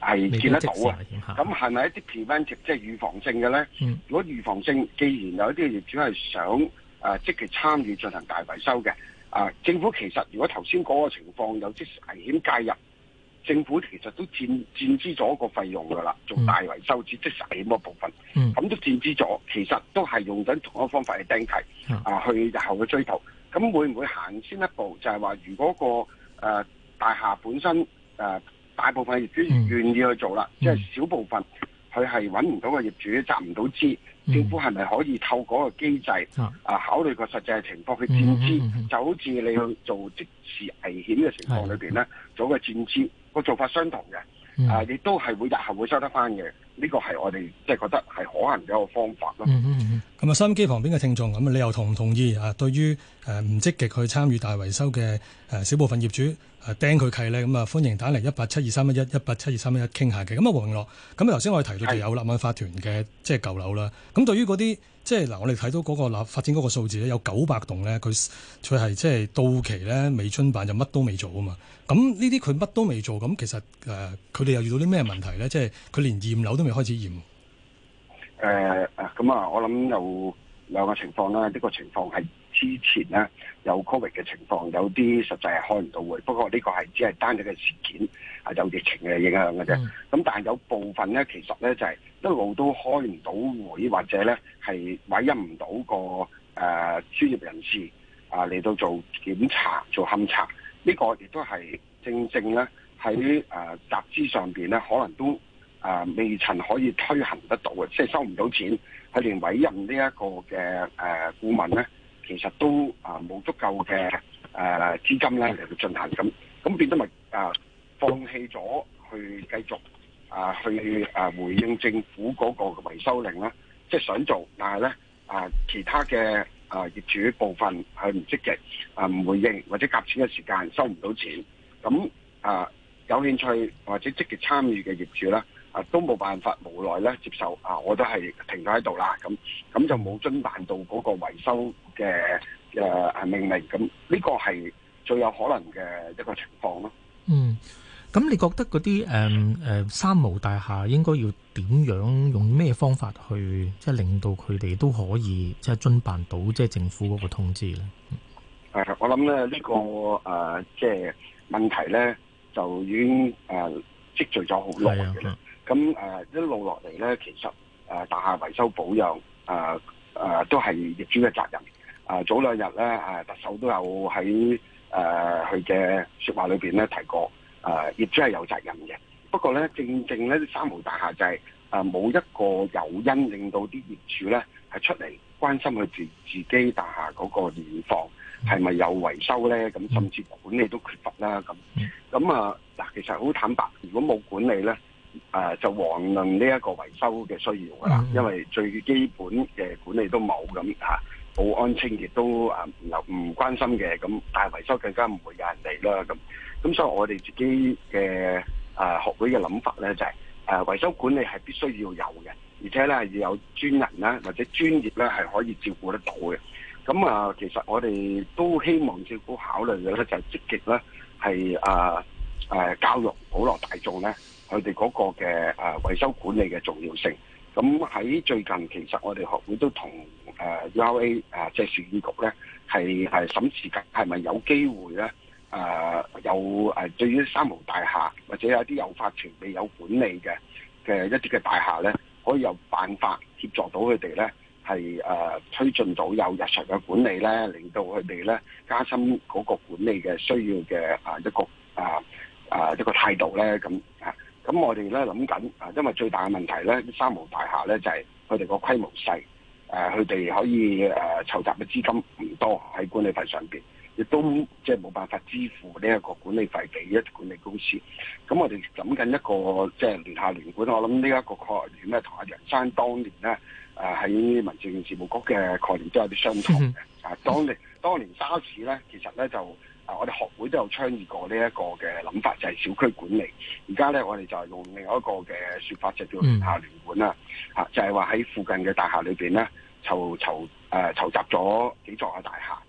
係見得到是是啊。咁係咪一啲 preventive 即係預防性嘅咧、嗯？如果預防性，既然有啲業主係想啊、呃、積極參與進行大維修嘅啊、呃，政府其實如果頭先嗰個情況有即時危險介入，政府其實都佔佔資咗個費用㗎啦，做大維修至即時危險嘅部分。咁、嗯、都佔資咗、嗯，其實都係用緊同一方法去釘契啊，去日後嘅追討。咁會唔會行先一步？就係、是、話，如果、那個誒、呃、大廈本身誒、呃、大部分業主願意去做啦，即、嗯、係、就是、小部分佢係揾唔到個業主，集唔到資，嗯、政府係咪可以透過個機制、嗯、啊考慮個實際嘅情況去賤資、嗯嗯嗯嗯。就好似你去做即時危險嘅情況裏邊咧、嗯嗯，做個賤資，嗯嗯、做個資做法相同嘅、嗯，啊，亦都係會日後會收得翻嘅。呢、這個係我哋即係覺得係可行嘅一個方法咯。嗯嗯嗯嗯咁啊，收音機旁邊嘅聽眾，咁啊，你又同唔同意啊？對於誒唔積極去參與大維修嘅誒少部分業主，誒釘佢契咧，咁啊歡迎打嚟一八七二三一一，一八七二三一一傾下嘅。咁啊，王榮樂，咁頭先我哋提到就有立案法團嘅即係舊樓啦。咁對於嗰啲即係嗱，我哋睇到嗰個發展嗰個數字咧，有九百棟咧，佢佢係即係到期咧未遵辦就乜都未做啊嘛。咁呢啲佢乜都未做，咁其實誒佢哋又遇到啲咩問題咧？即係佢連驗樓都未開始驗。誒咁啊，我諗有兩個情況啦。呢、這個情況係之前咧有 Covid 嘅情況，有啲實際係開唔到會。不過呢個係只係單一嘅事件，係有疫情嘅影響嘅啫。咁但係有部分咧，其實咧就係、是、一路都開唔到會，或者咧係委任唔到個誒、呃、專業人士啊嚟到做檢查、做勘查。呢、這個亦都係正正咧喺誒集資上面咧，可能都。啊，未曾可以推行得到嘅，即係收唔到錢。佢連委任呢一個嘅誒顧問咧，其實都啊冇足夠嘅誒資金咧嚟到進行咁，咁變咗咪啊放棄咗去繼續啊去回應政府嗰個維修令啦，即係想做，但係咧啊其他嘅啊業主部分係唔積極、啊唔回應或者夾錢嘅時間收唔到錢。咁啊有興趣或者積極參與嘅業主啦。都冇辦法，無奈咧接受啊！我都係停咗喺度啦。咁咁就冇遵辦到嗰個維修嘅誒命令。咁呢個係最有可能嘅一個情況咯。嗯，咁你覺得嗰啲誒誒三無大廈應該要點樣用咩方法去即係令到佢哋都可以即係遵辦到即係政府嗰個通知咧？誒、嗯嗯，我諗咧呢個誒即係問題咧就已經誒積、呃、聚咗好多。咁誒一路落嚟咧，其實誒大廈維修保養誒誒、啊啊、都係業主嘅責任。誒、啊、早兩日咧誒特首都有喺誒佢嘅說話裏面咧提過誒、啊、業主係有責任嘅。不過咧正正咧，三無大廈就係誒冇一個誘因令到啲業主咧係出嚟關心佢自己自己大廈嗰個現況係咪有維修咧？咁甚至管理都缺乏啦。咁咁啊嗱，其實好坦白，如果冇管理咧。誒、啊、就遑論呢一個維修嘅需要啦，因為最基本嘅管理都冇咁嚇，保安清潔都啊唔有唔關心嘅咁，但係維修更加唔會有人嚟啦咁。咁所以我哋自己嘅啊學會嘅諗法咧就係、是、誒、啊、維修管理係必須要有嘅，而且咧要有專人咧或者專業咧係可以照顧得到嘅。咁啊，其實我哋都希望政府考慮嘅咧就係、是、積極咧係啊誒、啊、教育普羅大眾咧。佢哋嗰個嘅誒、啊、維修管理嘅重要性，咁喺最近其實我哋學會都同誒 URA 誒即係署理局咧，係係審視緊係咪有機會咧誒、啊、有誒、啊、對於三無大廈或者有啲有法團、未有管理嘅嘅一啲嘅大廈咧，可以有辦法協助到佢哋咧，係誒、啊、推進到有日常嘅管理咧，令到佢哋咧加深嗰個管理嘅需要嘅啊一個啊啊一個態度咧咁啊。咁我哋咧諗緊，啊，因為最大嘅問題咧，三無大廈咧就係佢哋個規模細，誒，佢哋可以誒籌集嘅資金唔多喺管理費上面亦都即係冇辦法支付呢一個管理費俾一個管理公司。咁我哋諗緊一個即係聯下聯管，我諗呢一個概念咧，同阿楊生當年咧，誒喺民政事務局嘅概念都有啲相同嘅。啊， 當年當年沙士咧，其實咧就。啊！我哋學會都有倡議過呢一個嘅諗法，就係、是、小區管理。而家咧，我哋就係用另外一個嘅說法，就叫聯廈聯管啦、啊。就係話喺附近嘅大廈裏面咧，籌籌誒籌集咗幾座嘅大廈，誒、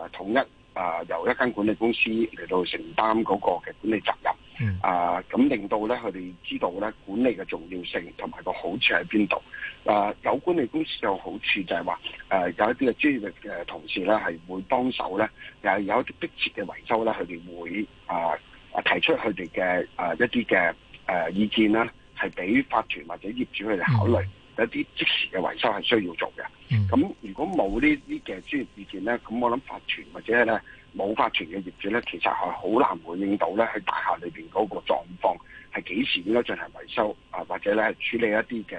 呃、統一。啊、呃，由一間管理公司嚟到承擔嗰個嘅管理責任，啊、嗯，咁、呃、令到咧佢哋知道咧管理嘅重要性同埋個好處喺邊度。啊、呃，有管理公司有好處就係話，誒、呃、有一啲嘅專業嘅同事咧係會幫手咧，又有一啲迫切嘅維修咧，佢哋會啊啊、呃、提出佢哋嘅啊一啲嘅誒意見啦，係俾法團或者業主佢哋考慮。嗯有啲即時嘅維修係需要做嘅，咁、嗯、如果冇呢啲嘅專業意見咧，咁我諗發傳或者係咧冇發傳嘅業主咧，其實係好難回應到咧喺大廈裏邊嗰個狀況係幾時應該進行維修啊，或者咧係處理一啲嘅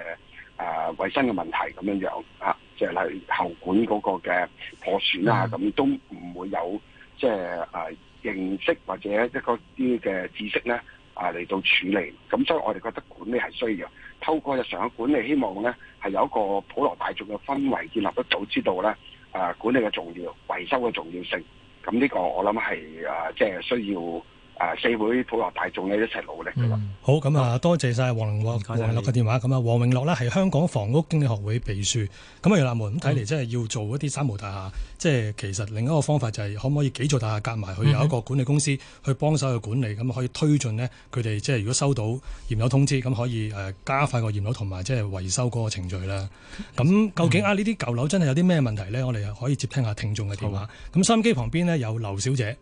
誒衞生嘅問題咁樣樣啊，即係例如喉管嗰個嘅破損啊，咁、嗯、都唔會有即係誒認識或者一個啲嘅知識咧。啊！嚟到處理，咁所以我哋覺得管理係需要透過日常嘅管理，希望呢係有一個普羅大眾嘅氛圍建立得早知道咧啊管理嘅重要、維修嘅重要性。咁呢個我諗係啊，即係需要。誒、啊，社會普羅大眾咧一齊努力嘅嘛、嗯。好，咁啊、哦，多謝晒王榮樂嘅電話。咁啊，王榮樂呢係香港房屋經理學會秘書。咁、嗯、啊，楊立門，咁睇嚟真係要做一啲三無大廈、嗯，即係其實另一個方法就係可唔可以幾座大廈夾埋，去有一個管理公司去幫手去管理，咁、嗯、可以推進呢佢哋即係如果收到驗樓通知，咁可以誒加快個驗樓同埋即係維修嗰個程序啦。咁、嗯、究竟啊，呢啲舊樓真係有啲咩問題呢？我哋可以接聽下聽眾嘅電話。咁收音機旁邊呢，有劉小姐。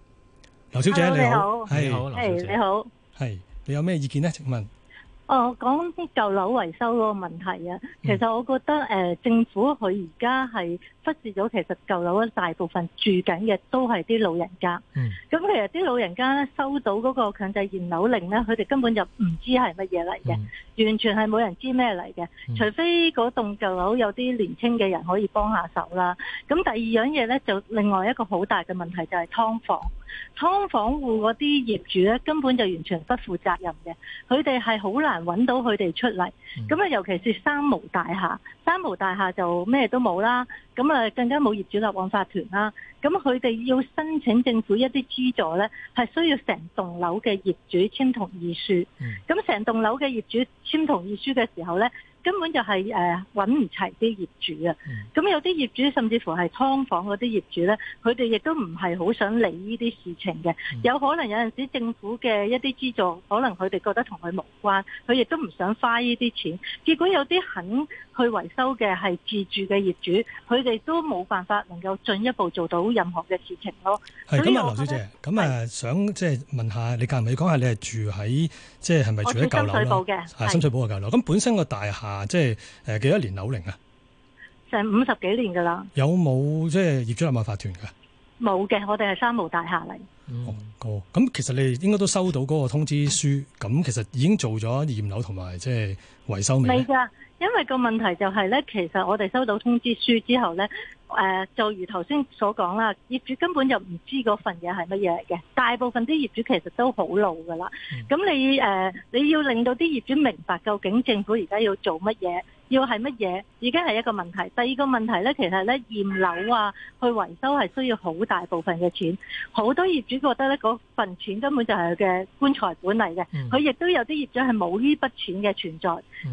劉小姐 Hello, 你好，係好，係你好，係、哎你, hey, 你，你有咩意見咧？請問，哦，講啲舊樓維修嗰個問題啊、嗯，其實我覺得誒、呃，政府佢而家係忽視咗，其實舊樓大部分住緊嘅都係啲老人家，咁、嗯、其實啲老人家咧收到嗰個強制驗樓令咧，佢哋根本就唔知係乜嘢嚟嘅，完全係冇人知咩嚟嘅，除非嗰棟舊樓有啲年青嘅人可以幫下手啦。咁第二樣嘢咧，就另外一個好大嘅問題就係㓥房。劏房戶嗰啲業主咧，根本就完全不負責任嘅，佢哋係好難揾到佢哋出嚟。咁啊，尤其是三無大廈，三無大廈就咩都冇啦。咁啊，更加冇業主立案法團啦。咁佢哋要申請政府一啲資助呢，係需要成棟樓嘅業主簽同意書。咁成棟樓嘅業主簽同意書嘅時候呢。根本就係誒揾唔齊啲業主啊！咁、嗯、有啲業主甚至乎係劏房嗰啲業主咧，佢哋亦都唔係好想理呢啲事情嘅、嗯。有可能有陣時政府嘅一啲資助，可能佢哋覺得同佢無關，佢亦都唔想花呢啲錢。結果有啲肯去維修嘅係自住嘅業主，佢哋都冇辦法能夠進一步做到任何嘅事情咯。係咁啊，劉小姐，咁啊想即係問下你,是是你，介唔介意講下你係住喺即係係咪住喺舊樓嘅？係深水埗嘅舊樓。咁本身個大廈即係誒幾多年樓齡啊？成五十幾年噶啦。有冇即係業主立案法團噶？冇嘅，我哋係三無大廈嚟。哦，咁其實你哋應該都收到嗰個通知書，咁其實已經做咗驗樓同埋即係維修未？唔係噶，因為個問題就係、是、咧，其實我哋收到通知書之後咧，誒、呃，就如頭先所講啦，業主根本就唔知嗰份嘢係乜嘢嘅。大部分啲業主其實都好老噶啦，咁、嗯、你誒、呃，你要令到啲業主明白究竟政府而家要做乜嘢？要係乜嘢？已經係一個問題。第二個問題呢，其實呢驗樓啊，去維修係需要好大部分嘅錢。好多業主覺得呢，嗰份錢根本就係佢嘅棺材本嚟嘅。佢亦都有啲業主係冇呢筆錢嘅存在。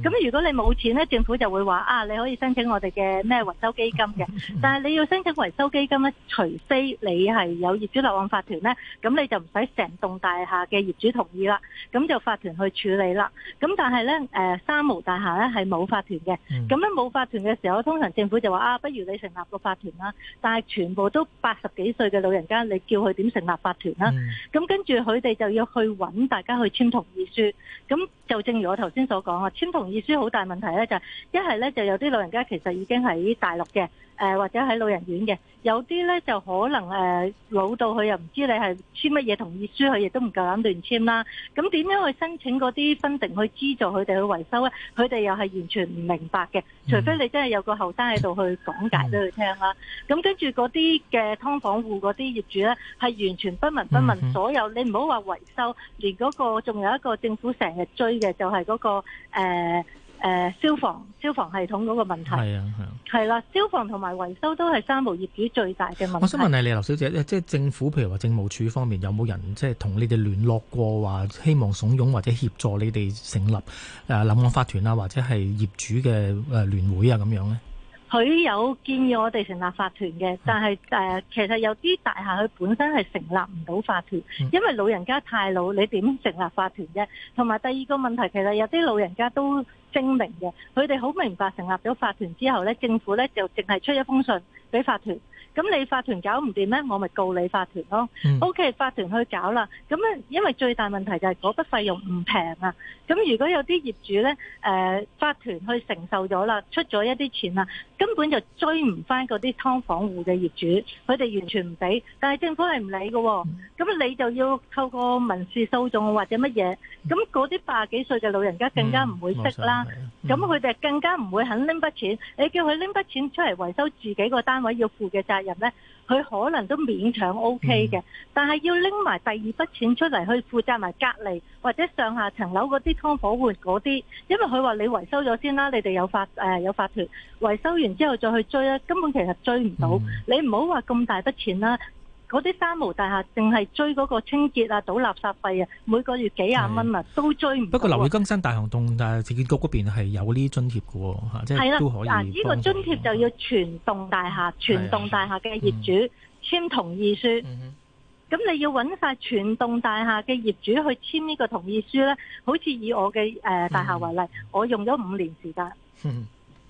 咁如果你冇錢呢，政府就會話啊，你可以申請我哋嘅咩維修基金嘅。但係你要申請維修基金呢，除非你係有業主立案法團呢，咁你就唔使成棟大廈嘅業主同意啦，咁就法團去處理啦。咁但係呢，三、呃、毛大廈呢係冇法團。嘅、嗯，咁冇法團嘅時候，通常政府就話啊，不如你成立個法團啦。但係全部都八十幾歲嘅老人家，你叫佢點成立法團啦？咁、嗯、跟住佢哋就要去揾大家去簽同意書。咁就正如我頭先所講啊，簽同意書好大問題呢，就係一係呢就有啲老人家其實已經喺大陸嘅、呃，或者喺老人院嘅，有啲呢，就可能誒、呃、老到佢又唔知你係簽乜嘢同意書，佢亦都唔夠膽亂簽啦。咁點樣去申請嗰啲分定去資助佢哋去維修呢，佢哋又係完全唔明。明白嘅，除非你真係有個後生喺度去講解俾佢聽啦。咁跟住嗰啲嘅劏房戶嗰啲業主咧，係完全不聞不問，所有你唔好話維修，連嗰個仲有一個政府成日追嘅，就係嗰個誒、呃誒、呃、消防消防系統嗰個問題係啊，係啊，係啦，消防同埋維修都係三無業主最大嘅問題。我想問下你，劉小姐，即係政府譬如話政務處方面有冇人即係同你哋聯絡過，話希望慫恿或者協助你哋成立誒立、呃、案法團啊，或者係業主嘅誒、呃、聯會啊咁樣咧？佢有建議我哋成立法團嘅，但係誒、嗯、其實有啲大廈佢本身係成立唔到法團，因為老人家太老，你點成立法團啫？同埋第二個問題，其實有啲老人家都。聲明嘅，佢哋好明白成立咗法團之後呢，政府呢就淨係出一封信俾法團。咁你法團搞唔掂咧，我咪告你法團咯。嗯、o、okay, K，法團去搞啦。咁啊，因為最大問題就係嗰筆費用唔平啊。咁如果有啲業主呢，誒、呃，法團去承受咗啦，出咗一啲錢啊，根本就追唔翻嗰啲㓥房戶嘅業主，佢哋完全唔俾。但係政府係唔理嘅，咁你就要透過民事訴訟或者乜嘢？咁嗰啲八十幾歲嘅老人家更加唔會識啦。嗯咁佢哋更加唔會肯拎筆錢，你叫佢拎筆錢出嚟維修自己個單位要負嘅責任呢，佢可能都勉強 OK 嘅。但係要拎埋第二筆錢出嚟去負責埋隔籬或者上下層樓嗰啲湯火會嗰啲，因為佢話你維修咗先啦，你哋有法誒、呃、有法團維修完之後再去追咧，根本其實追唔到。你唔好話咁大筆錢啦。嗰啲三無大廈淨係追嗰個清潔啊，倒垃圾費啊，每個月幾廿蚊啊，都追唔到,不過。樓宇更新大行動，誒，市建局嗰邊係有呢啲津貼㗎喎，即係都可以。嗱、啊，呢、呢個津貼就要全棟大廈，全棟大廈嘅業主簽同意書。咁、嗯、你要揾晒全棟大廈嘅業主去簽呢個同意書呢？好似以我嘅、呃、大廈為例，嗯、我用咗五年時間。嗯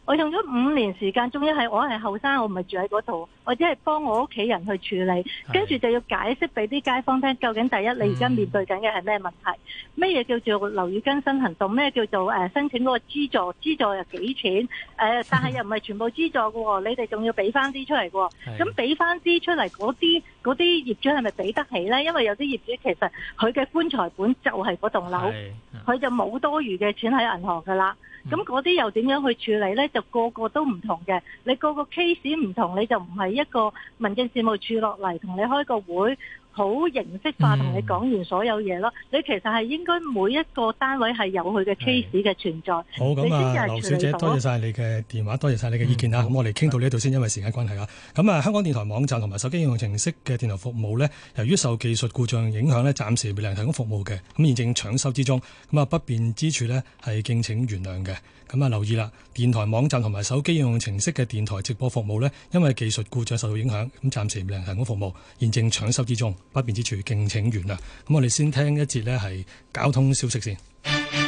我用咗五年時間，終於係我係後生，我唔係住喺嗰度，我只係幫我屋企人去處理，跟住就要解釋俾啲街坊聽，究竟第一你而家面對緊嘅係咩問題？咩、嗯、嘢叫做樓宇更新行動？咩叫做申請嗰個資助？資助又幾錢？呃、但係又唔係全部資助㗎喎，你哋仲要俾翻啲出嚟㗎喎。咁俾翻啲出嚟嗰啲。嗰啲業主係咪俾得起呢？因為有啲業主其實佢嘅棺材本就係嗰棟樓，佢就冇多餘嘅錢喺銀行㗎啦。咁嗰啲又點樣去處理呢？就個個都唔同嘅。你個個 case 唔同，你就唔係一個民政事務處落嚟同你開個會。好形式化，同你講完所有嘢咯、嗯。你其實係應該每一個單位係有佢嘅 case 嘅存在。好，咁啊，劉小姐，多謝晒你嘅電話，多謝晒你嘅意見啊。咁、嗯、我哋傾到呢度先，因為時間關係啊。咁啊，香港電台網站同埋手機應用程式嘅電台服務呢，由於受技術故障影響呢，暫時未能提供服務嘅。咁現正搶修之中。咁啊，不便之處呢，係敬請原諒嘅。咁啊，留意啦！電台網站同埋手機應用程式嘅電台直播服務呢，因為技術故障受到影響，咁暫時未能提供服務，現正搶修之中，不便之處敬請原諒。咁我哋先聽一節呢，係交通消息先。